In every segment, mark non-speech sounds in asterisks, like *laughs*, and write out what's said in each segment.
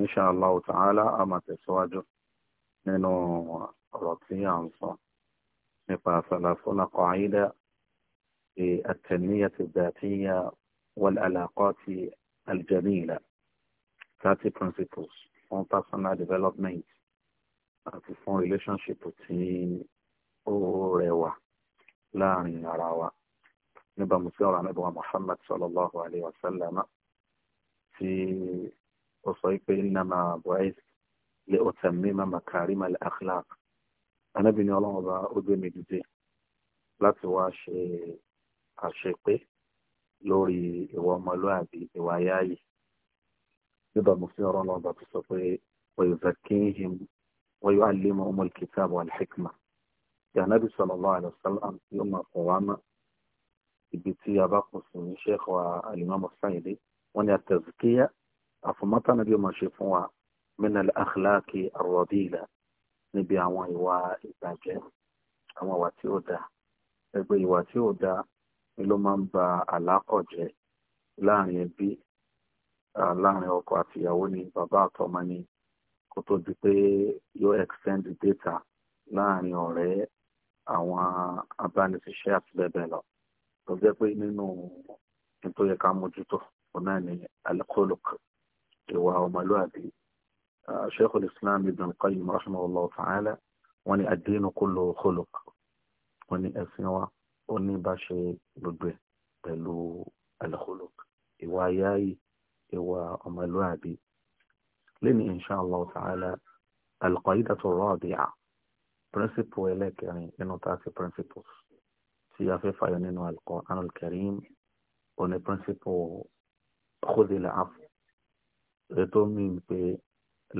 insha Allah ta'ala a máa tẹ̀síwájú nínú ọ̀rọ̀ tí à ń sọ nípa salafuna qaida at-tanmiyah adh-dhatiyyah wal-alaqat al-jamila thirty principles fún personal development àti fún relationship tí ó rẹwà láàrin ara wa níbàámu sí ọ̀rọ̀ anábọ̀wá Muhammad sallallahu alayhi wa sallam tí ó sọ pé innama bu'ithtu li utammima makarima al-akhlaq anábì ní ọlọ́run ọba ó gbé mi dìde láti wá ṣe àṣepé lórí ìwà ọmọlúwàbí ìwà yáàyè nígbà mo fi ọ̀rọ̀ ọlọ́run ọba tó sọ pé wa yuzakkihim wa yu'allimuhum al-kitaba wal-hikma ìyànàbì sallallahu alaihi wasallam yóò máa kọ̀ wá mọ́ ibi tí a bá kù sí ní sheikh wa al-imam Sa'idi wọ́n ní at-tazkiyah àfọ̀mọ́tà níbi ọmọ ṣe fún wa minal akhlaqi arradila níbi àwọn ìwà ìbàjẹ́ àwọn ìwà tí ó dáa ẹgbẹ́ ìwà tí ó dáa ni ló máa ń ba àlákọ̀ láàrin ẹbí láàrin ọkọ àti ìyàwó ni bàbá àtọmọ ni kó tó di pé yóò extend data láàrin ọ̀rẹ́ àwọn abániṣiṣẹ́ àti bẹ́ẹ̀ bẹ́ẹ̀ lọ tó jẹ́ pé nínú nítorí ká mójútó òun ni alkolok ìwà ọmọlúwàbí uh, sheikhul islam ibn qayyim rahimahullah ta'ala wọ́n ní ad-dinu kullu khuluq wọ́n ní ẹ̀sìn wa ó ní bá ṣe gbogbo ẹ̀ pẹ̀lú al-khuluq ìwà yáàyè ìwà ọmọlúwàbí lẹ́ni insha Allah ta'ala al-qa'idatu ar-rabi'a principle ẹlẹ́kẹrin nínú thirty principles tí a fẹ́ fàyọ nínú al-Qur'an karim ó ní principle khudh al èyí tó mean pé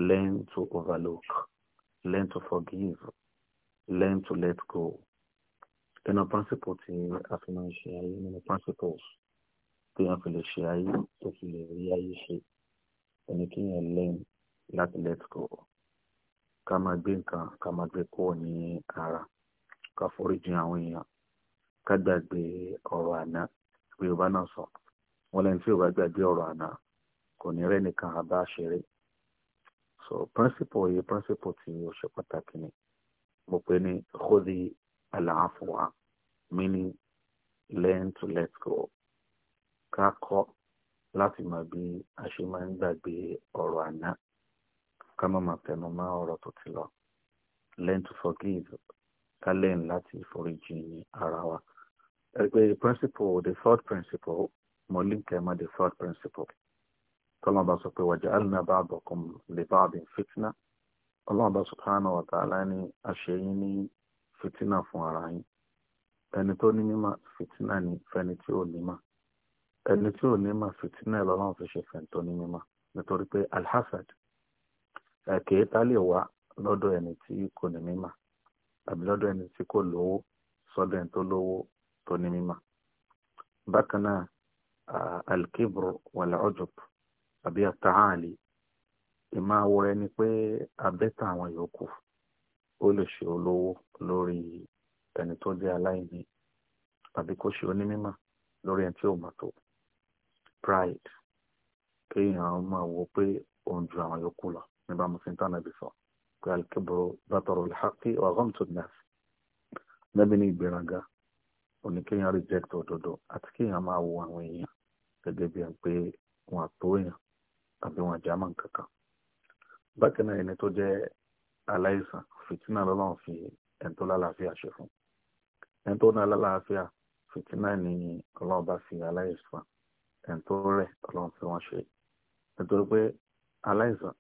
learn to overlook learn to forgive learn to let go nínú principle tí a fi máa ń ṣe ayé nínú principles tí a fi lè ṣe ayé tó fi lè rí ayé ṣe ẹni kí learn láti let go ká máa gbé nǹkan ká máa gbé kúrò ní ara ká foríjì àwọn èèyàn ká gbàgbé ọ̀rọ̀ àná bí wọn lẹni tí yorùbá gbàgbé ọ̀rọ̀ àná kò ní rẹ́ nìkan àbá ṣeré so principle yìí principle tí ó ṣe pàtàkì ni mo pè ní khudi al meaning learn to let go ká kọ́ láti mọ bí a ṣe máa ń gbàgbé ọ̀rọ̀ àná ká má máa tẹnu mọ́ ọ̀rọ̀ tó ti lọ learn to forgive ká learn láti foríjì ara wa. principle the third principle mo link ẹ̀ mọ́ the third principle tọ́lọ́n bá sọ pé waja'alna ba'dakum li ba'din fitna ọlọ́run bá subhanahu wa ta'ala ní àṣeyín ní fitna fún ara yín ẹni tó ní mímọ̀ fitna ní fẹni tí ò nímọ̀ ẹni tí ò nímọ̀ fitna lọ́lọ́run fi ṣe fẹ̀ntó ní mímọ̀ nítorí pé alhassad ẹ̀kẹ́ tá lè wá lọ́dọ̀ ẹni tí kò ní mímọ̀ àbí lọ́dọ̀ ẹni tí kò lówó sọ́dọ̀ ẹni tó lówó tó ní mímọ̀ bákan náà alkibru wal ujub àbí àtàhálì ìmọ̀ àwọ ẹni pé abẹ́tà àwọn yòókù ó lè ṣe olówó lórí ẹni tó jẹ́ aláìní àbí kó ṣe onímọ̀ lórí ẹni tí ò mọ̀ tó pride kéèyàn máa wo pé òun ju àwọn yòókù lọ nígbà mo fi ń tán nàbì sọ pé alikéboro bàtọrọ lẹ́hàkí ọ̀gọ́m tó nà lẹ́bi ní ìgbéraga òní kéèyàn òdodo àti kéèyàn máa wo àwọn èèyàn gẹ́gẹ́ bí ẹni pé wọn àtó èèyàn àbí wọn jámọ́ kankan bákan náà ẹni tó jẹ́ aláìsàn fìtínà lọ́lọ́run fi ẹni tó lálàáfíà ṣe fún ẹni tó fìtínà ni ọlọ́run bá fi aláìsàn ẹni tó rẹ̀ ọlọ́run fi wọ́n ṣe nítorí pé aláìsàn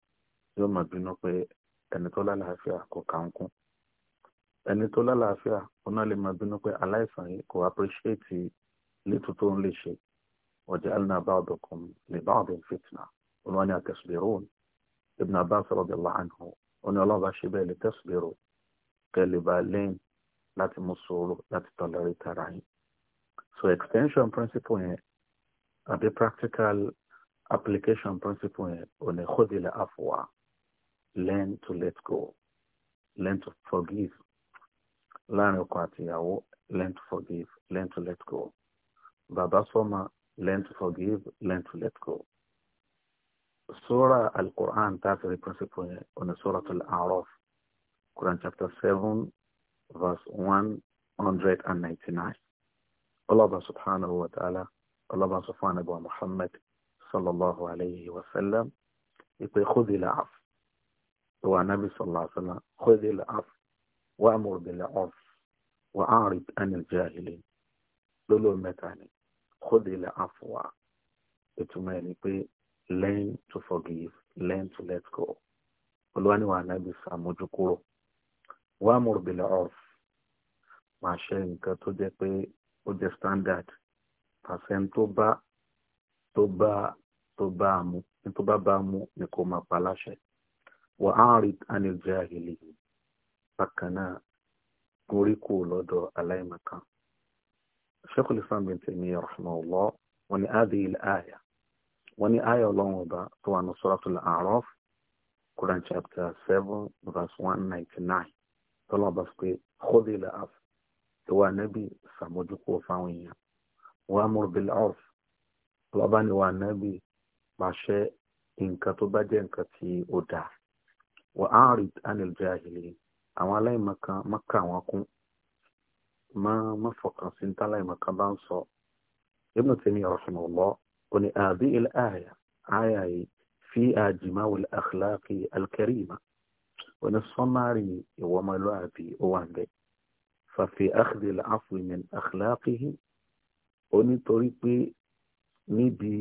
yóò máa bínú pé ẹni tó lálàáfíà kò kà ń kún ẹni tó lálàáfíà òun náà lè máa bínú pé aláìsàn yìí kò appreciate létò tó ń lè ṣe ọjà alina bá ọdọ kan lè bá ọdọ fìtínà wọ́n ní ابن Ibn Abbas radiyallahu anhu wọ́n ní ọlọ́run bá ṣe bẹ́ẹ̀ lè tẹ̀sùbẹ̀rún kẹlẹ̀bà lẹ́yìn láti mú sòrò so extension principle yẹn àbí practical application principle yẹn ò ní kódìlẹ̀ àfọwà learn to let go learn to forgive learn ọkọ àti ìyàwó learn to forgive learn to let go bàbá sọ́mà learn to forgive learn to let go. Surah Al-Quran, that's the principle on the Surah Al-A'raf. Quran chapter 7, verse 199. Allah subhanahu wa ta'ala, Allah subhanahu wa Muhammad sallallahu alayhi wa sallam, يقول خذ العف هو النبي صلى الله عليه وسلم خذ العف وأمر بالعرف وأعرض عن الجاهلين لولو متاني خذ العفو ìtumọ̀ ẹni pé learn to forgive learn to let go olùwàníwà anábì sàmójúkúrò wà múrùbílẹ̀ off máa ṣe nǹkan tó jẹ́ pé ó jẹ́ standard pàṣẹn tó bá tó bá tó bá mu ní tó bá bá mu ni kò máa pa láṣẹ wà á rí anil jahili bákan náà gorí kù lọ́dọ̀ aláìmọ̀kan Sheikhul Islam bin Taymiyyah rahimahullah wọn ni adìyẹ àyà wọ́n ní ayọ̀ ọlọ́run ọba tó wà ní Suratul A'raf Quran chapter seven verse one ninety nine tọ́lá ọba sọ pé kóde ilẹ̀ af ìwà nẹ́bí sàmójúkú fáwọn èèyàn wọ́n mú bil 'urf lọ́ba ni wà nẹ́bí pàṣẹ nǹkan tó bá jẹ́ nǹkan tí ó dáa wọ́n á rí anil jahili àwọn aláìmọ̀kan mọ́kà wọn kún má má fọkàn sí ní tá aláìmọ̀kan bá ń sọ Ibn Taymiyyah rahimahullah òní àbí ilẹ̀ àyà àyà yìí fi àjìmá wọlé àkìláàkì alkarima òní sọ́márì ìwọ́mọlúàbí ó wà ń bẹ́ fàfi àkìdí làáfù min àkìláàkì yìí òní torí pé níbi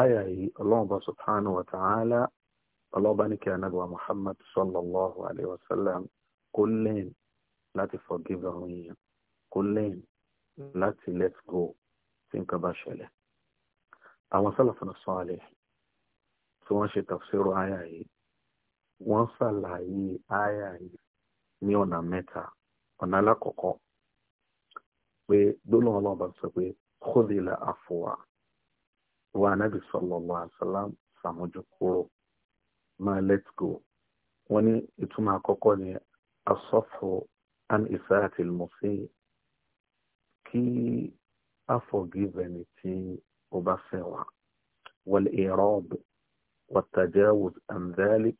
àyà yìí ọlọ́run bá subhanahu wa ta'ala ọlọ́ba ní kí anábọ̀ muhammad sallallahu alayhi wa sallam kó forgive àwọn èèyàn kó lẹ́yìn let go tí àwọn sálàfàlà sọ́ọ̀lẹ̀ tí wọ́n ṣe tafsiru àyà yìí wọ́n ṣàlàyé àyà yìí ní ọ̀nà mẹ́ta ọ̀nà alákọ̀ọ́kọ́ pé gbólóhùn ọlọ́ọ̀bá sọ pé kódìlà àfọwà wa anábì sallallahu alaihi wasallam sàmójú kúrò máa let go wọ́n ní ìtumọ̀ àkọ́kọ́ ni asọ́fọ̀ an isaati al-musi kí a forgive tí ó bá fẹ́ wọn والإيراد والتجاوز عن ذلك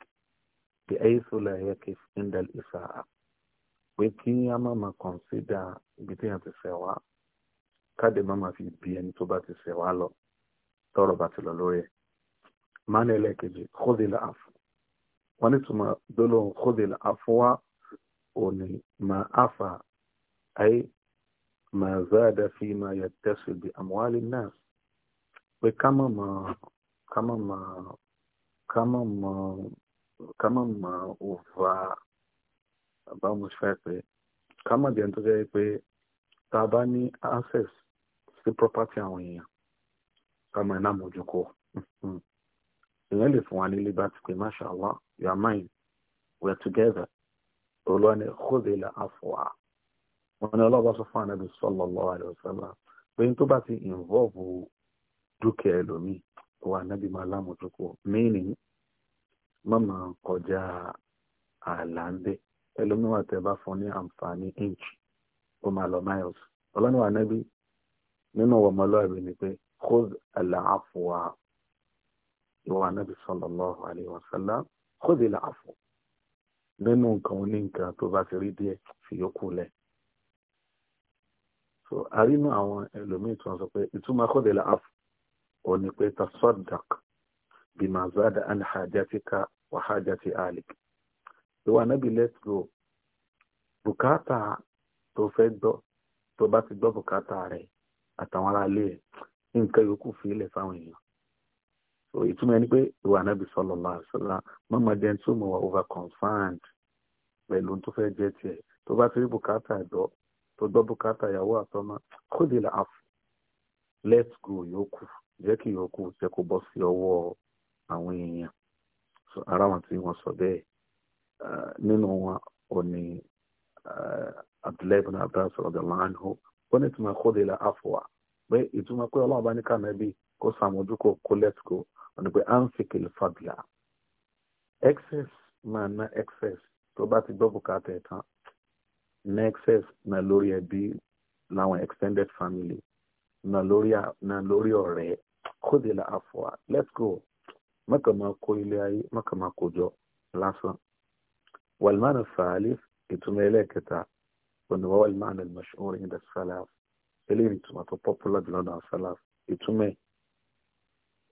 بحيث لا يقف عند الإساءة wíkí a máa ma kọ̀nsídà ibi tí yẹn ti fẹ́ wá káde máa ma fi bí ẹni tó bá ti fẹ́ wá lọ tọrọ bá ti lọ lórí ẹ̀ máa ní ẹlẹ́ẹ̀kejì kódìlà àfọ wọn ní túmọ̀ gbólóhùn kódìlà àfọ wá òní máa àfà ayé máa záàdá fi máa yẹ tẹ̀sùn bí àmúhálì pé ká mọ̀ mọ̀ ká mọ̀ mọ̀ ká mọ̀ mọ̀ ká mọ̀ mọ̀ òfà bá mo fẹ́ pé ká mọ̀ bí ẹni tó jẹ́ pé tá a bá ní access sí property àwọn èèyàn ká mọ̀ iná mójúkó *laughs* ìyẹn you are mine we are together olúwa ni kóde ilà àfọwà wọn ni ọlọ́ba sọ fún anabi sallallahu pé n tó bá ti involve dúkìá ẹlòmíì wà nábì máa lámòjúkọ mẹ́ẹ̀nì mọ́mọ́ kọjá ààlà ń bẹ́ ẹlòmíì wà tẹ́ bá fún ní àǹfààní inch ó máa lọ miles ọlọ́run wà nábì nínú ọmọlúwàbí ni pé khud al-afwa ìwà nábì sallallahu alaihi wasallam khud al-afwa nínú nǹkan oní nǹkan tó bá ti rí díẹ̀ fi yókù lẹ̀ so àrínú àwọn ẹlòmíì tí wọ́n sọ pé ìtumọ̀ khud al-afwa ó ní pé tasaddaq bima zada an hajatika wa hajati alik ìwà nábì let's go bùkátà tó fẹ́ gbọ́ tó bá ti gbọ́ bùkátà rẹ̀ àtàwọn aráalé ẹ̀ nǹkan yòókù fi ilẹ̀ fáwọn èèyàn so ìtumọ̀ ẹni pé ìwà nábì sallallahu alaihi wasallam mọ́mọ́ jẹ́ tó mọ̀ wá over concerned pẹ̀lú tó fẹ́ jẹ́ tiẹ̀ tó bá ti rí bùkátà ẹ̀dọ́ tó gbọ́ bùkátà ìyàwó àtọmọ kó lè là Let's go yòókù jẹ́ kí yòókù jẹ́ kó bọ́ sí ọwọ́ àwọn èèyàn ara wọn tí wọ́n sọ bẹ́ẹ̀ ah, nínú wọn ò ní ah, Abdullahi ibn Abbas radiyallahu anhu wọ́n ní ìtumọ̀ kó de la afwa pé ìtumọ̀ pé ọlọ́run bá ní kànáàbí kó sàmójúkò kó let go wọ́n ní pé anfikil fadla excess máa ná excess tó bá ti gbọ́ bùkátà ẹ̀ tán ná excess ná lórí ẹbí láwọn extended family na lórí na lórí ọ̀rẹ́ la àfọwà let's go mọ́kàn máa kó ilé ayé mọ́kàn máa kó jọ lásán wàlmánà fàálì ìtumọ̀ ẹlẹ́ẹ̀kẹta ònàwà wàlmánà mashhur inda salaf eléyìí ìtumọ̀ tó popular jùlọ náà salaf ìtumọ̀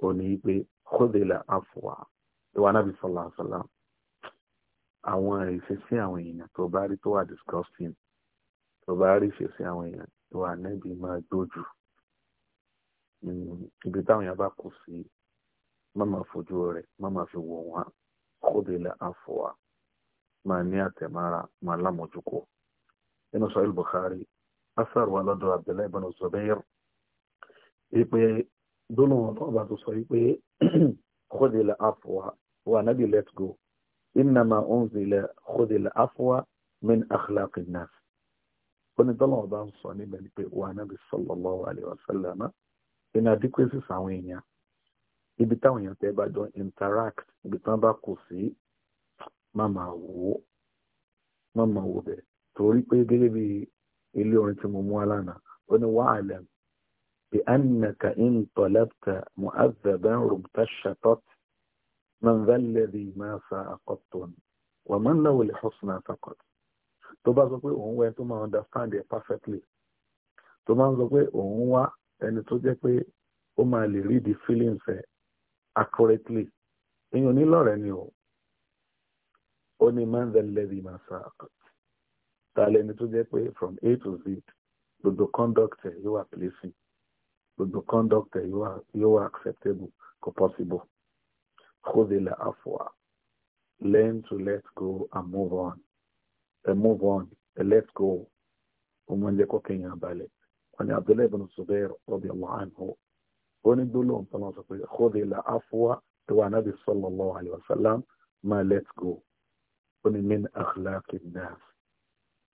òní pé kódìlà àfọwà ìwà náà bí sọlá sọlá àwọn ìṣesí àwọn èèyàn tó bá rí tó wà disgusting tó bá rí ìṣesí àwọn èèyàn tó wà nẹ́bí máa gbójú Mm, ibi táwọn èèyàn bá kù sí má máa fojú rẹ má máa fi wò wọn kóde ilẹ̀ àfọwà máa ní àtẹ̀mára máa lámójúkọ nínú sọ Bukhari asar wa lọ́dọ̀ Abdullahi ibn Zubair wípé dúnú ọlọ́run bá tó sọ wípé kóde ilẹ̀ àfọwà wà nábì let go innama unzila kóde ilẹ̀ àfọwà min akhlaqi nas ó ní dọ́là ọba ń sọ níbẹ̀ ni pé wà nábì sallallahu alayhi wa sallam inadequacies àwọn èèyàn ibi táwọn èèyàn tẹ́ bá jọ interact ibi tán bá kù sí má máa wò ó má máa wò bẹ́ẹ̀ torí pé gẹ́gẹ́ bí ilé orin tí mo mú alánà ó ní wa'lam bi annaka in talabta mu'adhaban rubta shatat man dha alladhi ma sa'aqatun wa man lahu al-husna faqat tó bá sọ pé òun wẹ́ tó máa understand it perfectly tó máa ń sọ pé òun wá ẹni tó jẹ́ pé ó máa lè read the feelings ẹ̀ accurately èèyàn nílọ̀rẹ́ ni o ó ní man the levy man sakat ta lẹni tó jẹ́ pé from A to Z gbogbo conduct ẹ̀ yóò wà pleasing gbogbo conduct ẹ̀ yóò wà acceptable kò possible khudila afwa learn to let go and move on and move on and let go ó máa ń jẹ́ kó عن عبد الله بن الزبير رضي الله عنه ونقول لهم تناصر خذ إلى عفو تو النبي صلى الله عليه وسلم ما let go من أخلاق الناس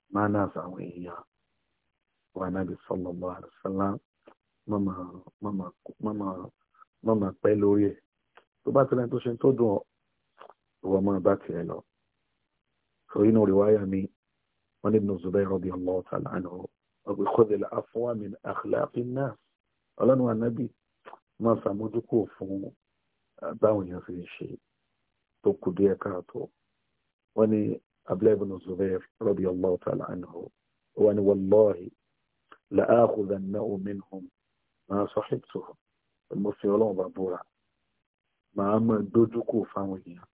ما نازعوا إياه وعنبي صلى الله عليه وسلم mama mama mama mama pẹ lórí ẹ tó bá tẹlẹ tó ṣe tó dùn ọ ìwọ máa bá tiẹ lọ so inú rẹ wáyà mi wọn ní ibùdó Zubair radiyallahu ta'ala anhu ọ̀gbìn kọ́dẹ̀lá afọ́wàmìn àkìláàfínà ọlọ́run anábì máa ṣàmójúkò fún báwọn èèyàn fi ṣe tó kù díẹ̀ káàtó wọ́n ní abdullahi ibn zubair radiyallahu ta'ala anhu wọ́n ní wallahi la'akhudannahu minhum ma sahibtuhum mo fi ọlọ́run bá búra màá mọ̀ dójúkò fáwọn èèyàn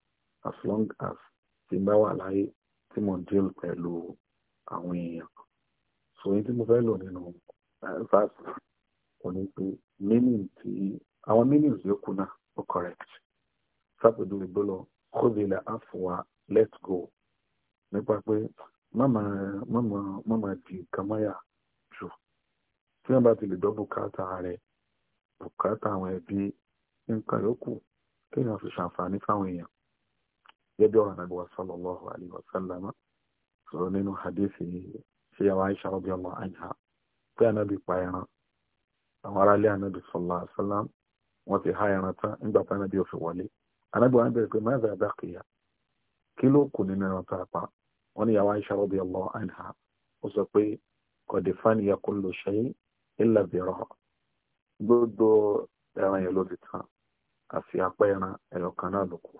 as long as tí bá wà láyé tí mo ń díl pẹ̀lú àwọn èèyàn sòyìn tí mo fẹ́ lò nínú fásitì kò ní pé meaning tí àwọn meanings yòókù náà ó correct sápẹ̀dúwì gbọ́lọ̀ kóbìlà àfọwà let go nípa pé mama di nǹkan mọ́yà jù tí wọ́n bá ti lè gbọ́ bùkátà rẹ̀ bùkátà àwọn ẹbí nǹkan yòókù kéèyàn fi ṣàǹfààní fáwọn èèyàn gẹ́gẹ́ bí ọ̀rọ̀ àgbà sallallahu alaihi hadithi sí àwọn Aisha radiyallahu anha pé ànábì pa ẹran àwọn aráalé ànábì sallallahu alaihi wasallam wọ́n ti há ẹran tán nígbà tí ànábì ò fi wọlé ànábì wọn bẹ̀rẹ̀ pé madha baqiya kí ló kù nínú ẹran tá a pa wọ́n ní àwọn Aisha radiyallahu anha ó sọ pé qad faniya kullu shay illa dhira'a gbogbo ẹran yẹn ló ti tán àfi apá ẹran ẹ̀yọ̀ kan náà ló kù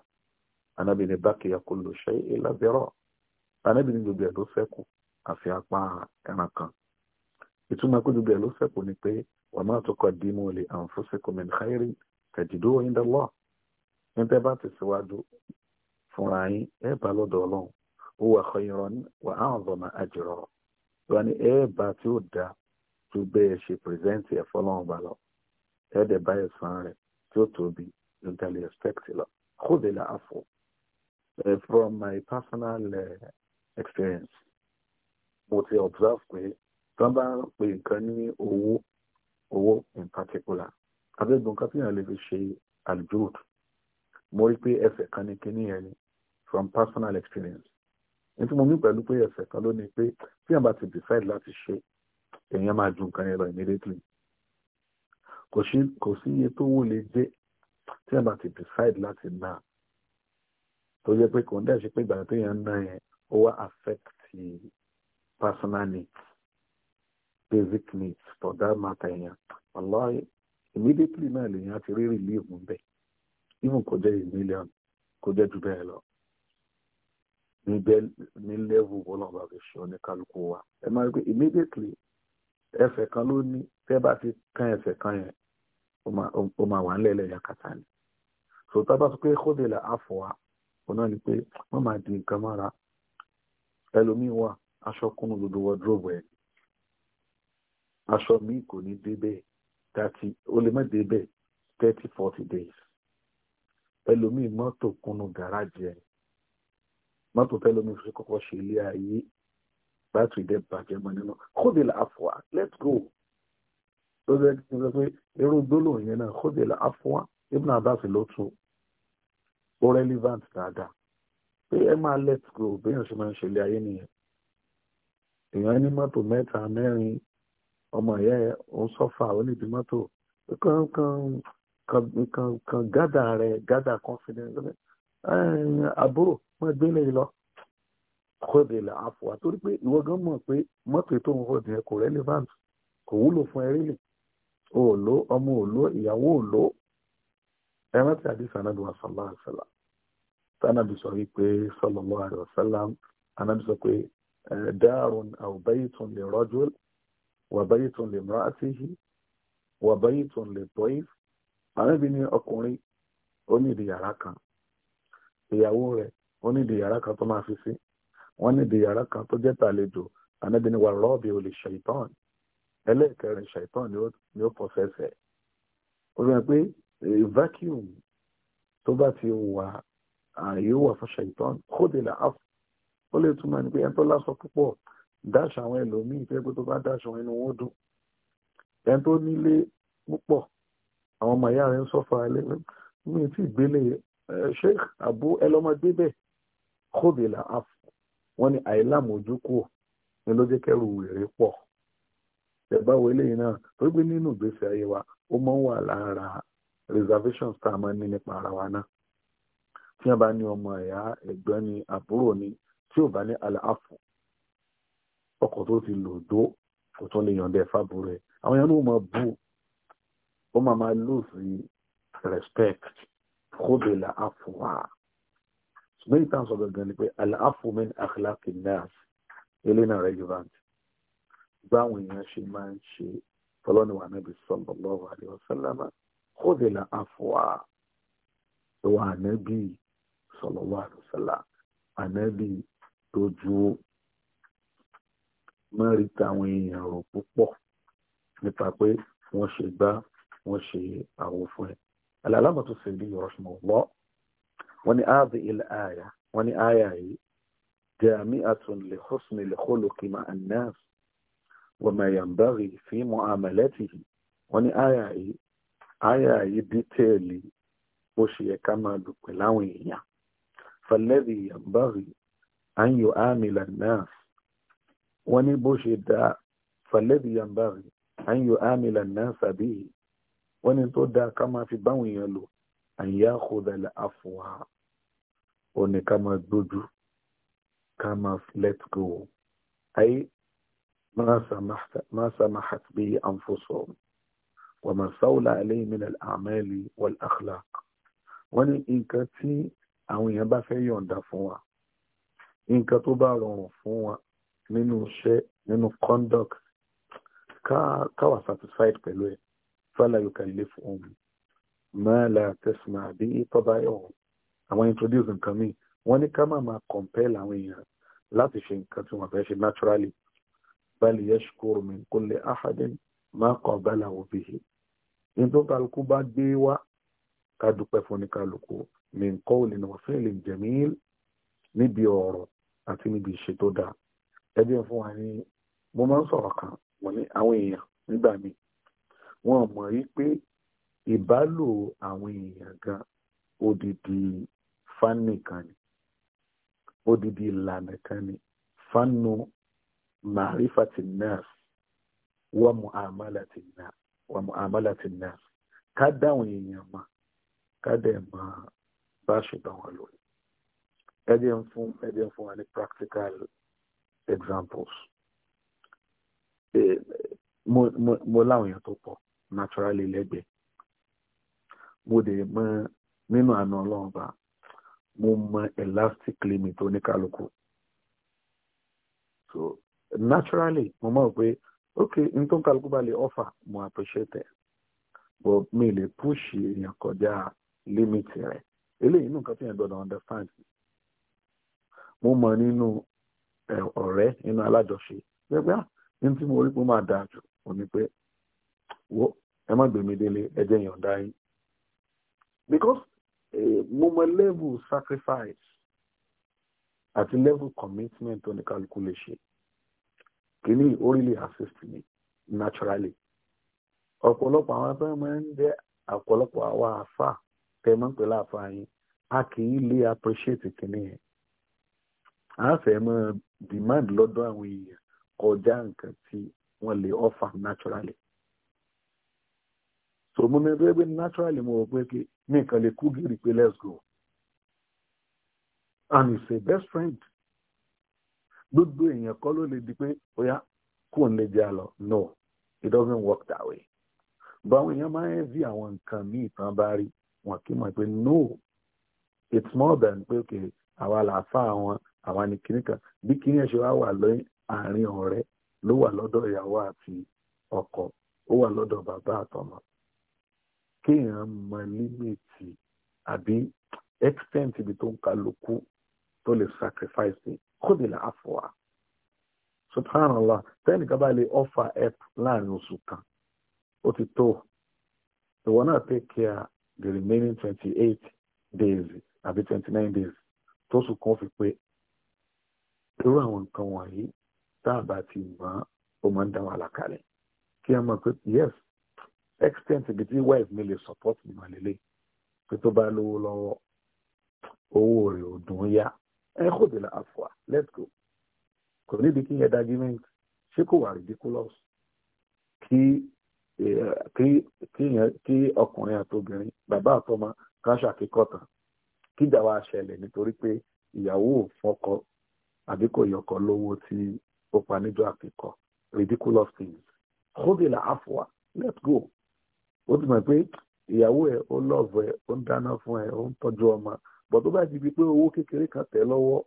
ànábì ní baqiya kullu shay illa dhira'a ànábì ní gbogbo ẹ̀ ló fẹ́ kù àfi apá ẹran kan ìtumọ̀ kó dùbẹ̀ ló sẹ́kù ni pé wà máa tó kọ́ dìímù lè anfusikum min khairin tajidu inda Allah ní bá ti síwájú fúnra yín ẹ bá lọ́dọ̀ ọlọ́run huwa khairan wa a'zama ajra wọn ni ẹ bá tí ó da tó bẹ́ẹ̀ ṣe pírẹsẹ́ǹtì ẹ̀ fọlọ́run bá lọ ẹ dẹ̀ bá ẹ̀sán rẹ̀ tí ó tóbi ló expect lọ khudh al-'afwa from my personal uh, experience mo ti observe pé tí wọ́n bá ń pe nǹkan ní owó owó in particular abẹ́gun kápẹ́yà lè fi ṣe aljud mo rí pé ẹsẹ̀ kan ní kíní yẹn ni from personal experience nítorí mo mí pẹ̀lú pé ẹsẹ̀ kan ló ní pé tí èèyàn bá ti decide láti ṣe èèyàn máa ju nǹkan yẹn lọ immediately kò sí iye tó wó lè jẹ́ tí èèyàn bá ti decide láti ná tó yẹ pé kò ń dẹ̀ ṣe pé ìgbà téèyàn ń ná yẹn ó wá affect personal needs, basic needs for that matter yẹn wàláhì immediately náà lèyìn àti rí relief ń bẹ̀ even kò jẹ́ a million kò jẹ́ jù bẹ́ẹ̀ lọ níbẹ̀ ní level bọ́lọ̀ bá fi ṣe oníkálukú wa ẹ máa rí pé immediately ẹsẹ̀ kan ló ní tẹ́ bá ti kan ẹsẹ̀ kan yẹn ó máa wà nílẹ̀ lẹ́yà kàtà ni so tá a bá sọ pé kódé là á fọ wa òun náà ni pé wọ́n máa di nǹkan mọ́ra ẹlòmíín wà aṣọ kúnnú gbogbo wardrobe ẹ aṣọ mi kò ní débẹ̀ thirty ó lè má débẹ̀ thirty forty days ẹlòmíì mọ́tò kúnnú gàrájì ẹ mọ́tò tẹlómi fi kọ́kọ́ ṣe ilé ayé bátìrì dẹ bàjẹ́ mọ́ nínú kóde la àfọwà let's go ó jẹ́ kí n sọ pé irú gbólóhùn yẹn náà kóde la àfọwà ibùdó àbáfi ló tún ó relevant dáadáa pé ẹ máa let's go béèyàn ṣe máa ń ṣe ilé ayé nìyẹn èèyàn ní mọ́tò mẹ́ta mẹ́rin ọmọ ìyá ẹ̀ ó sọ́fà ó lè di mọ́tò kan kan kan kan gádà rẹ̀ gádà confidence àbúrò wọ́n gbélé e lọ kọ́dé là á fò wá torí pé ìwọ gan mọ̀ pé mọ́tò tó ń hòdì ẹ̀ kò relevant kò wúlò fún ẹrí lè òòló ọmọ òòló ìyàwó òòló ẹran tí àdìs anábì wa sọlá àṣàlá tánàbì sọ wípé sọlọlọ àrẹ ọsẹlá anábì sọ pé دار أو بيت لرجل وبيت لامرأته وبيت للضيف àrẹ́bí ní ọkùnrin ó ní ìdí yàrá kan ìyàwó rẹ̀ ó ní ìdí yàrá kan tó máa fi sí wọ́n ní ìdí yàrá kan tó jẹ́ tàlejò àrẹ́bí ní wà rọ́ọ̀bì olè ṣàìtàn ẹlẹ́ẹ̀kẹrin ṣàìtàn ni ó pọ̀fẹ́sẹ̀ ó rí wọn pé vacuum tó bá ti wà yóò wà fún ṣàìtàn kódìlà áfù ó lè túmọ̀ ní pé ẹni tó láṣọ púpọ̀ dáṣọ àwọn ẹlòmíì fẹ́ pé tó bá dáṣọ inú wọn dùn ẹni tó nílé púpọ̀ àwọn ọmọ ìyá rẹ̀ ń sọ́fà ilé mi tí ìgbélé sheikh abu ẹlọ́mọdé bẹ́ẹ̀ kóbìlà afu wọ́n ní àìlàmójúkù ni ló jẹ́ kẹ́rù wèrè pọ̀ ẹ̀báwo eléyìí náà tó gbé nínú ìgbésí ayé wa ó mọ́ wà lára reservations tá a máa ní nípa ara wa náà tí wọ́n bá ní ọmọ ẹ̀yà ẹ̀gbọ́n ni àbúrò ni tí ò bá ní àlàáfù ọkọ̀ tó ti lò dó kò tó lè yànjẹ fábù rẹ àwọn yẹn ló máa bú ó máa máa lose respect kóbe làáfù wá ṣùgbọ́n ìtàn sọ gangan ni pé àlàáfù min akhlaqi nas ilé náà relevant báwọn èèyàn ṣe máa ń ṣe fọlọ́niwà nábì sallallahu alaihi wasallam kóbe làáfù wá ìwà ànábì sallallahu alaihi wasallam ànábì tójú ó má rí táwọn èèyàn rò púpọ̀ nípa pé wọ́n ṣe gbá wọ́n ṣe àwo fún ẹ alàlámà tó sì rí ìrọ̀ṣùmọ̀ lọ wọ́n ní áàbì ilẹ̀ àyà wọ́n ní àyà yìí جامعة لحسن الخلق مع الناس وما ينبغي في معاملته wọ́n àyà yìí àyà yìí dítẹ́ẹ̀lì bó ṣe yẹ ká máa lò pẹ̀lú àwọn èèyàn فالذي ينبغي àyò àmìlà náà wọ́n ní bó ṣe dá fàlẹ́bí yambari àyò àmìlà náà sàbí wọ́n ní tó dá ká máa fi báwọn èèyàn lò àyà kòdàlà àfọwà ó ní ká máa gbójú ká máa let go ayé máa samahat bí anfusahum wà máa sáwùlà àlẹ́yìn min al-a'mali wal akhlaq wọ́n ní nǹkan tí àwọn èèyàn bá fẹ́ yọ̀ǹda fún wa nǹkan tó bá rọrùn fún wa nínú iṣẹ́ nínú conduct káwà satisfied pẹ̀lú ẹ̀ fẹ́lá yóò kàlẹ́ fún òun mẹ́ẹ̀lá tẹ̀sán àbí tọ́ba ẹ̀wọ̀n àwọn introduce nǹkan míì wọ́n ní ká má máa compel àwọn èèyàn láti ṣe nǹkan tí wọ́n fẹ́ ṣe naturally bali yashkuru min kulli ahadin ma qabalahu bihi ní tó kálukú bá gbé wá ká dúpẹ́ fún ní kálukú min qawlin wa fi'lin jamil níbi ọ̀rọ̀ àti níbi ìṣe tó dáa ẹbí ń fún wa ní mo máa ń sọ̀rọ̀ kan mo ní àwọn èèyàn nígbà míì wọn mọ̀ rí pé ìbálò àwọn èèyàn gan odidi fánì kan ni odidi ìlànà kan ni fánù màrífàtì nurse wọ́n mu àmàlàtì nurse wọ́n mu àmàlàtì nurse ká dáwọn èèyàn mọ̀ ká dẹ̀ mọ̀ bá ṣe bá wọn lórí ẹ jẹ́ ń fún ẹ jẹ́ practical examples eh, mo mo mo láwọn èèyàn tó pọ̀ naturally lẹ́gbẹ̀ẹ́ mo dè mọ nínú àna ọlọ́run bá mo mọ elastic limit oníkálukú so naturally mo mọ̀ pé ok n tó ń kálukú bá lè offer mo appreciate it but mi lè push èèyàn kọjá limit rẹ̀ eléyìí nù nǹkan tí yẹn gbọ́dọ̀ understand mo mọ nínú ọ̀rẹ́ nínú alájọṣe pé ah, ní tí mo rí pé ó máa dáa jù ó ní pé wo ẹ má gbèmí délé ẹ jẹ́ ìyọ̀ǹda yín because mo mọ level sacrifice àti level commitment oníkálukú lè ṣe kìíní orílẹ̀ assist me naturally ọ̀pọ̀lọpọ̀ àwọn afẹ́ máa ń jẹ́ ọ̀pọ̀lọpọ̀ àwa àfà tẹ̀ mọ́ pẹ̀lú àfà yín a kì í lè appreciate kìíní yẹn a fẹ́ mọ demand lọ́dọ̀ àwọn èèyàn kọjá nǹkan tí wọ́n lè offer naturally so mo ní ẹgbẹ́ naturally mo rò pé kí ní nǹkan lè kú gírì pé let's go and it's a best friend gbogbo èèyàn kọ́ ló lè di pé oya kò ń lè jẹ́ àlọ́ no it doesn't work that way báwọn èèyàn máa ń vi àwọn nǹkan ní ìtàn bá rí wọn kí mọ̀ pé no it's more than pé okay àwa làáfà àwọn àwọn ni kinní kan bí kinní ẹ̀ṣẹ̀ wa wà lọ́yìn àárín ọ̀rẹ́ ló wà lọ́dọ̀ ìyàwó àti ọkọ ó wà lọ́dọ̀ bàbá àtọmọ kéèyàn mọ límìtì àbí extent ibi tó ń kálukú tó lè sacrifice ní kódìlà àfọwà subhanallah tẹ́nìkan bá lè offer help láàrin oṣù kan ó ti tó ìwọ náà take care the remaining twenty eight days àbí twenty nine days tó sùn kan fi pé irú àwọn nǹkan wọ̀nyí tá a bá ti mọ̀ ó máa ń dá wa làkàlẹ̀ kí a mọ̀ pé yes extent ibi tí wife mi lè support mi máa lélẹ̀ pé tó bá lówó lọ́wọ́ owó rẹ̀ ò dùn yá ẹ kò dé la afua, let's go kò níbi kí yẹn argument ṣé kò wà ridiculous kí kí ọkùnrin àtobìnrin bàbá àtọmọ ká ṣàkíkọ tán kíjà wa ṣẹlẹ̀ nítorí pé ìyàwó ò fọkọ àbí kò yọkọ lówó tí ó pa níjọ àfikọ ridiculous things hold it afua let go ó ti mọ̀ pé ìyàwó ẹ̀ ó lọ́ọ̀fù ẹ̀ ó ń dáná fún ẹ̀ ó ń tọ́jú ọmọ bọ̀ tó bá di bíi pé owó kékeré kan tẹ̀ lọ́wọ́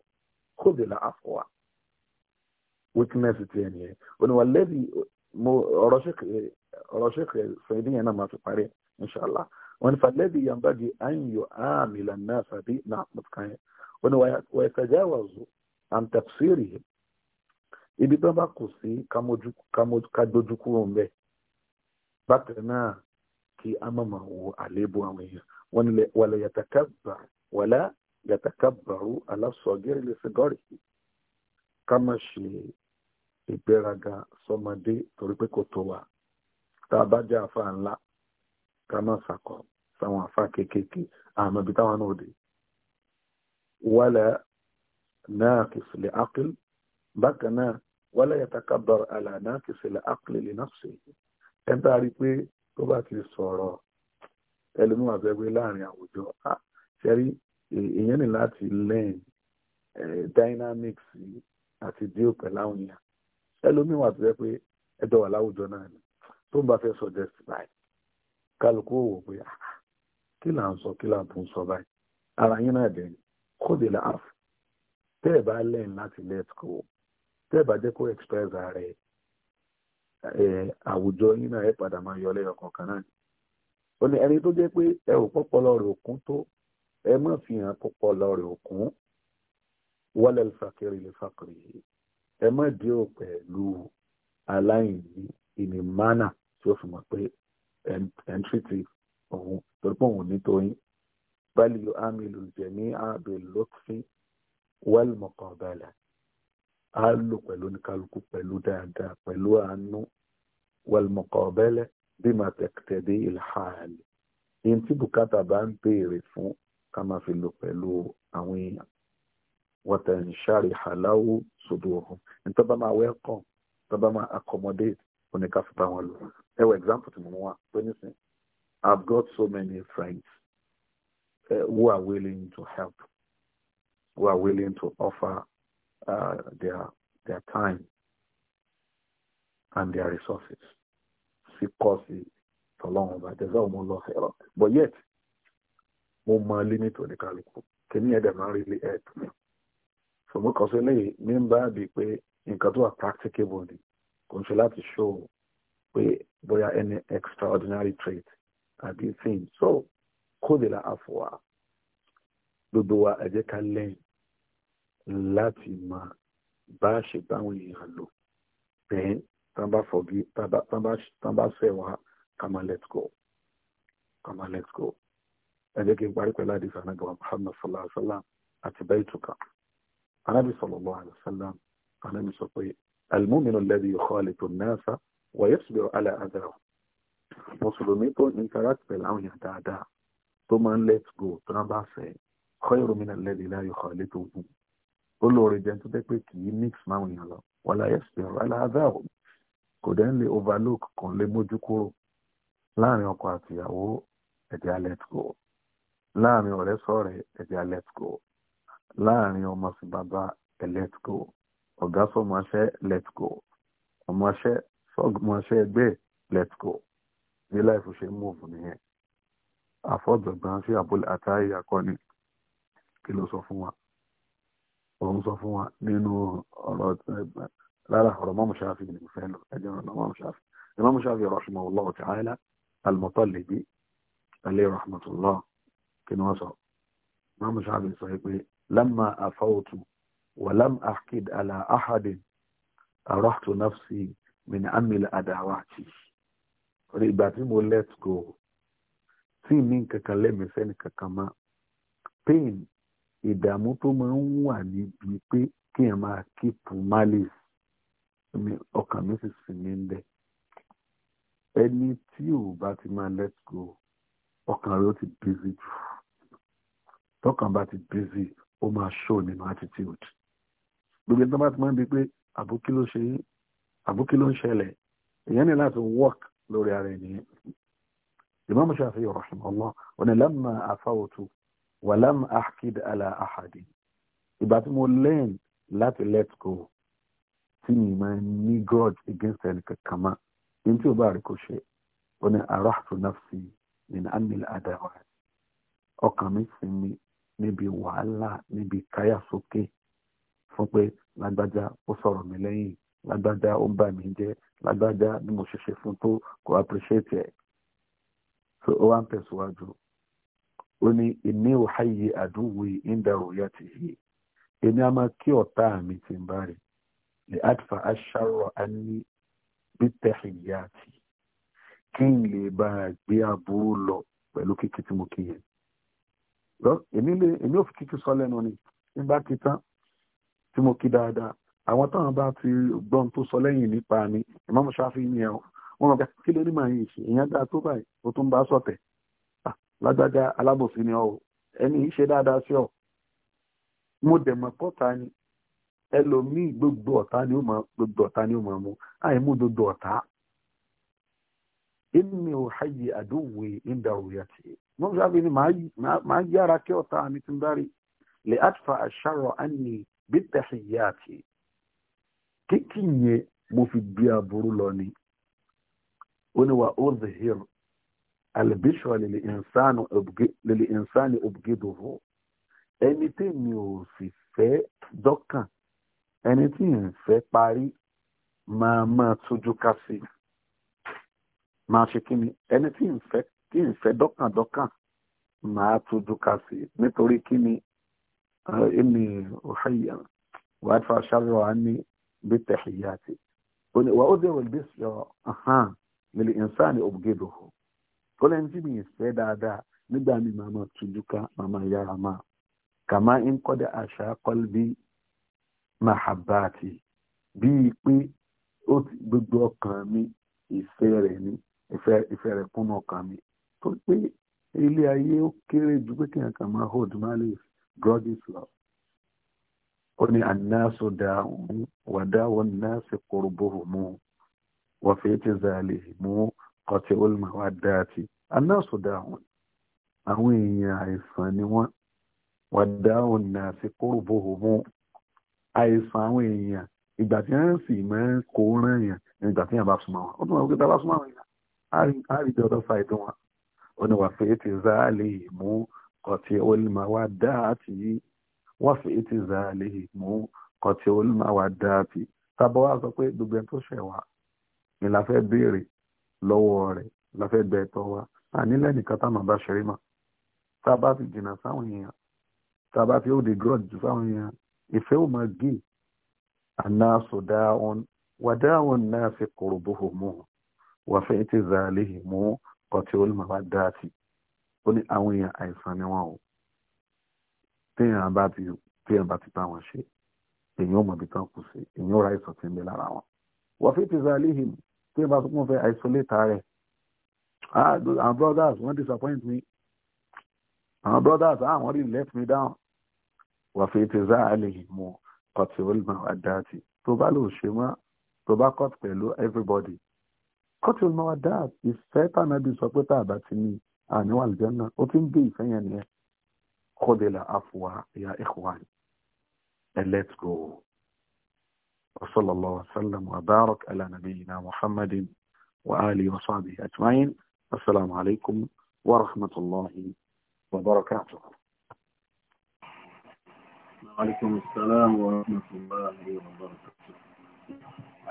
hold it afua weakness ti ẹ̀ nìyẹn oníwà lẹ́bi mo ọ̀rọ̀ ṣèkè sẹ́yìn níyẹn náà máa fi parí inṣàlá wọn fa lẹ́bi yàmbá di àyìnyọ àmì lànà àfàbí náà mọ̀tàkàn yẹn oníwà ìtajà wà zù am tafsirihim ibi tó bá kù sí ká dojú kúrò ń bẹ bákan náà kí a má máa wo àléébù àwọn èèyàn wọn ni wàlẹ yàtàkàbà wàlẹ yàtàkàbàrú aláṣọgẹrẹ lè fi gọrì ká má ṣe ìgbéraga sọmọdé torí pé kò tó wa tá a bá jẹ àfa ńlá ká má sàkọ sáwọn àfa kéékèèké àmọ́ ibi táwọn náà dé wàlẹ ناقص لعقل بكنا ولا يتكبر على ناقص لعقل لنفسه ẹn tá a rí i pé tó bá ti sọ̀rọ̀ ẹlòmí wà fẹ́ pé láàrin àwùjọ ah, ṣẹ́rí èèyàn ní láti learn dynamics àti deal pẹ̀lú àwọn èèyàn ẹlòmí wà fẹ́ pé ẹjọ́ wà láwùjọ náà ni tó ń bá fẹ́ sọ just báyìí kálukú wò pé ah, kí là ń sọ kí là ń tún sọ báyìí ara yín náà dẹ̀ ni kó de la àf tẹ́ ẹ̀ bá learn láti let go tẹ́ ẹ̀ bá jẹ́ kó express ààrẹ ẹ̀ àwùjọ yín náà ẹ̀ padà máa yọ lẹ́yọ kọ̀ọ̀kan náà ni. ó ní ẹni tó jẹ́ pé ẹ ò pọ́pọ́lọ rẹ̀ òkun tó ẹ má fi hàn pọ́pọ́lọ rẹ̀ òkun wọ́lẹ̀ fàkiri lè fàkiri ẹ má dé ò pẹ̀lú aláìní ìní mánà tí ó fi mọ̀ pé ẹ̀ńtírìtì òun tó pọ̀ òun nítorí báyìí ló á mi lù jẹ̀ ní àbẹ̀ wal-muqabala á lò pẹ̀lú oníkálukú pẹ̀lú dáadáa pẹ̀lú àánú wal-muqabala bima taqtadi al-hal ní tí bùkátà bá ń béèrè fún ká máa fi lò pẹ̀lú àwọn èèyàn watanshariha lahu suduruhum nítorí bá máa welcome tó bá máa accommodate oníkàfẹ́ bá wọn lò ẹ wọ example tí mo mú pé nísìnyí I've got so many friends uh, who are willing to help who are willing to offer uh, their their time and their resources. Because course, ọba jẹ́sà ọmọ lọ fẹ́ràn but yet mo máa lé nítorí oníkálukú kìíní ẹ̀dẹ̀ máa ń rí ilé ẹ̀ tó mi. sọmọ kan sí eléyìí ní ń bá bíi pé nǹkan tó wà practicable ni to ń ṣe láti show pé bóyá any extraordinary trait àbí thing so kó lè la àfọwà gbogbo wa ẹ jẹ́ ká lẹ́yìn láti mọ bá a ṣe báwọn èèyàn lò bẹ́ẹ̀ tán bá fọ̀gí tán bá fẹ́ wá kàmá let's go kàmá let's go ẹ jẹ́ kí n parí pẹ̀lú àdìsí anagawa Muhammad sallallahu alayhi wa sallam àti bẹ́ẹ̀ ìtùkà anábì sallallahu alayhi wa sallam anábì sọ pé المؤمن الذي يخالط الناس ويصبر على أذاهم mùsùlùmí tó interact pẹ̀lú àwọn èèyàn dáadáa tó máa ń let go tó náà bá fẹ́ khairu min alladhi la yukhalituhu ó lóore jẹ́ tó dẹ́ pé kì í mix máwọn èèyàn lọ wala yasbiru ala adhahum kò dẹ́ ń lè overlook kan lè mójú kúrò láàrin ọkọ àtìyàwó ẹ̀jẹ̀ alert go láàrin ọ̀rẹ́ sọ̀rẹ́ ẹ̀jẹ̀ alert go láàrin ọmọ sí bàbá ẹ̀ let go ọ̀gá sọmọṣẹ́ let go ọmọṣẹ́ sọmọṣẹ́ ẹgbẹ́ let go bí láìfù ṣe move nìyẹn àfọ̀jọ̀gbọ́n sí àbúlé àtàyè akọni kí ló sọ fún wa òun sọ fún wa nínú ọ̀rọ̀ lára ọ̀rọ̀ mọ́mù ṣáfi ni mo fẹ́ lọ ẹjọ́ ọ̀rọ̀ mọ́mù ṣáfi ìmọ̀mù ṣáfi rahimahullah ta'ala al-Mutallibi alayhi rahmatullah kí ni wọ́n sọ mọ́mù ṣáfi sọ pé lamma afawtu wa lam ahkid ala ahadin arahtu nafsi min amil adawati rí ìgbà tí mo let go tí mi kankan lẹ́mìí sẹ́ni kankan mọ́ pain ìdààmú tó máa ń wà níbi pé kéèyàn máa kíìpù malice ọkàn mi sì sì ní ń bẹ ẹni tí ò bá ti máa let go ọkàn rẹ ó ti busy jù tọkàn bá ti busy ó máa show nínú attitude gbogbo ẹni tó bá ti máa ń bi pé àbókí ló ṣe yín àbókí ló ń ṣẹlẹ̀ èèyàn ní láti work lórí ara ẹni yẹn Imam Shafi'i rahimahullah ọ̀nà lamma afawtu wàlám akid ala ahadi ìgbà tí mo learn láti let go tí mi máa ní grudge against ẹnì kankan mọ́ ní tí o bá rí kò ṣe ó ní arahtu nafsi min amil adawa ọkàn mi sinmi níbi wàhálà níbi káyà sókè fún pé lágbájá ó sọ̀rọ̀ mi lẹ́yìn lágbájá ó ń bà mí jẹ́ lágbájá bí mo ṣe ṣe fún tó kò appreciate ẹ̀ so ó wá ń tẹ̀síwájú ó ní èmi ò háyè àdúgbò ìdá òyà ti yé èmi á máa kí ọ̀tá mi ti ń bá rẹ̀ lè adfa aṣáárọ̀ á ní bítẹ̀hìyà ti kí n lè bá a gbé aburú lọ pẹ̀lú kíkí tí mo kí yẹn. èmi ò fi kíkí sọ lẹ́nu ni nígbà tí tán tí mo kí dáadáa àwọn táwọn bá ti gbọ́n tó sọ lẹ́yìn nípa mi ìmọ̀ mo ṣáfi ní ẹ̀ wọ́n mọ̀ pé kí ló ní màá yìí ṣe ìyẹn dáa tó báyìí ó tún bá sọ̀tẹ̀ lágbájá alábòsí ni ọ ẹni yìí ṣe dáadáa sí ọ mo dẹ̀ mọ̀ pọ́ta ni ẹlòmíì gbogbo ọ̀tá ni ó mọ̀ gbogbo ọ̀tá ni ó mọ̀ mu àìmú gbogbo ọ̀tá inni o hayi aduwe inda ruyati wọ́n sábà ní màá yára kí ọ̀tá mi ti ń bari lè àtúfà àṣàrò àní bí tẹ̀síyà ti kíkì yẹn mo fi gbé aburú lọ ni ó ní wa ó zèhìrì alibishọ lili insani obgedovo ẹni tí mi ò sì fẹ́ dọ́kàn ẹni tí n fẹ́ parí máa máa tójú ká sí máa ṣe kí ni ẹni tí n fẹ́ tí n fẹ́ dọ́kàn dọ́kàn máa tójú ká sí nítorí kí ni ẹni ọ̀hẹ́yà wàá fà ṣàlọ́ wa ní bí tẹ̀hìyà ti wà ó dé wọ̀lbí sọ lili insani obgedovo kọ́lẹ́ni tí mi fẹ́ dáadáa nígbà mi màá máa tujú ká màá máa yára máa kàmá ń kọ́dà àṣà kọ́lbí mahabati bíi pé ó ti gbogbo ọkàn mi ìfẹ́ rẹ̀ ni ìfẹ́ rẹ̀ kún ọkàn mi tó pé ilé ayé ó kéré ju pé kéèyàn kàn máa hold malice grudges lọ. ó ní anáṣọ dáhùn wàdáwọ̀ náà sì kúrò bóhùn mú wọ́n fi ti zàlè mú kọtí olùmọ wa dáa ti anáàsù dáhùn àwọn èèyàn àìsàn ni wọn wà dáhùn náà sí kúròbó òmù àìsàn àwọn èèyàn ìgbà tí wọn sì máa ń kó rán yàn nígbà tí wọn bá súnmọ́ wọn ó tún wọn kí tá bá súnmọ́ àwọn èèyàn á rí dọdọ ṣáìdì wọn ó ní wàá fèé ti záàlì mú kọtí olùmọ wa dáa ti wàá fèé ti záàlì mú kọtí olùmọ wa dáa ti tábọ wá sọ pé gbogbo ẹni tó ṣẹ̀ wá ni la fẹ́ béèrè lọ́wọ́ rẹ̀ láfẹ́ bẹ ẹ̀tọ́ wa a nílẹ̀ nìkan tá màá bá ṣeré mà tá a bá fi jìnnà sáwọn èèyàn tá a bá fi òde grudge jù sáwọn èèyàn ìfẹ́ ò máa gé ànáṣọ dáhùn wàdáhùn náà fi kọ̀rọ̀ bóhò mú wàfẹ́ ètè zàlẹ́ mú ọtí olùmọ̀wá dáàtì ó ní àwọn èèyàn àìsàn ni wọn o téèyàn bá ti téèyàn bá ti bá wọn ṣe èèyàn ò mọ̀ bí tán kù sí èèyàn ò ra ìsọ̀tì ń bẹ lára wọn wàfẹ́ ètè zàlẹ́ mú tí bá fún fẹ́ isolate rẹ̀ ah, àwọn brothers wọ́n disappoint me àwọn brothers àwọn ah, really left me down wà fi ti zá àlè mọ kọtì olùmọ àdáàtì tó bá lò ṣe mọ tó bá cut pẹ̀lú everybody kọtì olùmọ àdáàtì ìfẹ́ tànàbí sọ pé tàbá ti ní àníwá àlùjànnà ó ti ń gbé ìfẹ́ yẹn nìyẹn kọ́dé la àfùwà ìyá ìkùwà ẹ let's go. وصلى الله وسلم وبارك على نبينا محمد وآله وصحبه أجمعين السلام عليكم ورحمة الله وبركاته وعليكم السلام ورحمة الله وبركاته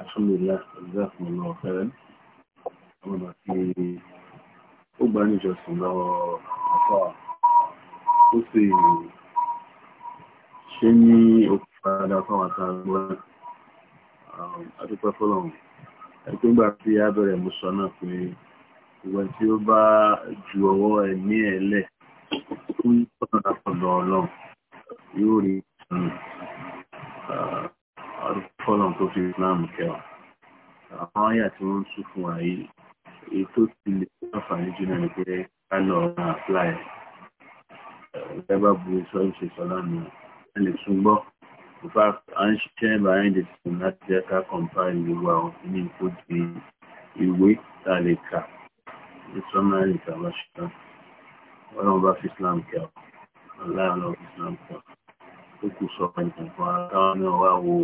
الحمد لله جزاكم الله خيرا أنا في أباني جسم الله أطاع ó شني ṣe ní òkúta adúpẹ́ fọlọ́run ẹgbẹ́ngbà tí a bẹ̀rẹ̀ mú sọ náà pé ìwọ̀n tí ó bá ju ọwọ́ ẹ̀mí ẹ̀ lẹ̀ fún ìpọ̀nà ọ̀dọ̀ ọlọ́run yóò rí ìtàn adúpẹ́ fọlọ́run tó fi Islam kẹwàá àwọn àyà tí wọ́n ń sùn fún wa yìí èyí tó ti lè fún àǹfààní jù náà ni pé ká lọ ra apply ẹ bá bu sọ́yìn ṣe sọ lánàá ẹ lè tún gbọ́. In fact, and share behind the Sinatiata compile the world ní kó di ìwé tàlẹ́kà ní sọ́mọ́rì kàbáṣá. Ọlọ́run bá fi Islam kẹ́ ọ, ọlọ́run lọ fi Islam kẹ́ ọ. Ó kù sọ ìtàn fún akáwọn náà wá wo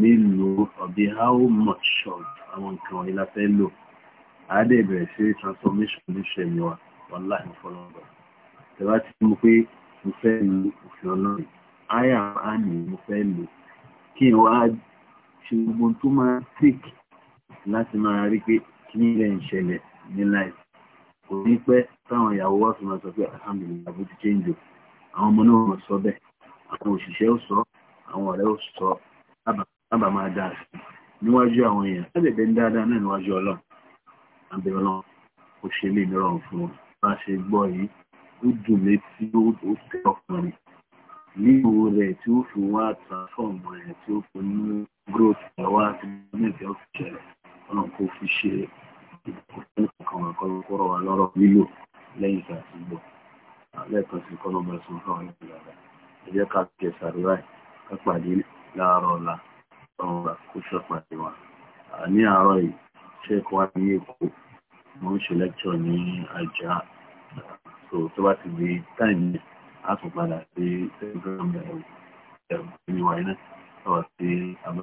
mélòó ọ̀bí how much of àwọn nǹkan wọ̀nyí la fẹ́ lò. Àádé ìbẹ̀rẹ̀ sí transformation ní ṣẹ̀yìn wa, wọ́n láì fọlọ́gbọ̀n. Tẹ̀wá ti mú pé mo fẹ́ lu òfin ọlọ́run àyà àní mo fẹ́ lò kí n wá ṣe gbogbo tó máa tèkì láti máa rí pé kí ní ilẹ̀ ń ṣẹlẹ̀ ní láì kò ní pẹ́ táwọn ìyàwó wá fi máa sọ pé alhamdulilayi bó ti change o àwọn ọmọ náà wọ́n sọ bẹ́ẹ̀ àwọn òṣìṣẹ́ ò sọ àwọn ọ̀rẹ́ ò sọ lábà máa dá sí níwájú àwọn èèyàn lábẹ̀bẹ̀ ń dáadáa náà níwájú ọlọ́run àbẹ̀ ọlọ́run ó ṣe lè mìíràn fún wọn bá ṣe gbọ́ yìí ó dùn létí ó tẹ ọkùnrin lílo rẹ̀ tí ó fi wá transform rẹ̀ tí ó fi mú growth rẹ̀ wá sí gọ́ọ̀mẹ̀ntì ọ̀fíìsì rẹ̀ ọ̀nà kó fi ṣe ìdókòwò kan kọ́rọ̀ wa lọ́rọ̀ lílò lẹ́yìn tí a ti gbọ́ lẹ́ẹ̀kan sí kọ́nà ọmọ ẹ̀sùn fún àwọn ìlú rẹ̀ ẹ jẹ́ ká kí ẹ̀sà rẹ̀ ráì ká pàdé láàárọ̀ ọ̀la ọ̀run rà kó ṣe pàdé wa ní àárọ̀ yìí ṣe kó wá ní èkó mo ń ṣe lẹ́kṣọ̀ ní àjà tó bá ti di táìmù yẹn àtúnpadà sí ẹgbẹ́ ọmọ ẹ̀wọ̀n ẹ̀wọ̀n ìwà iná lọ́wọ́ sí àbọ̀.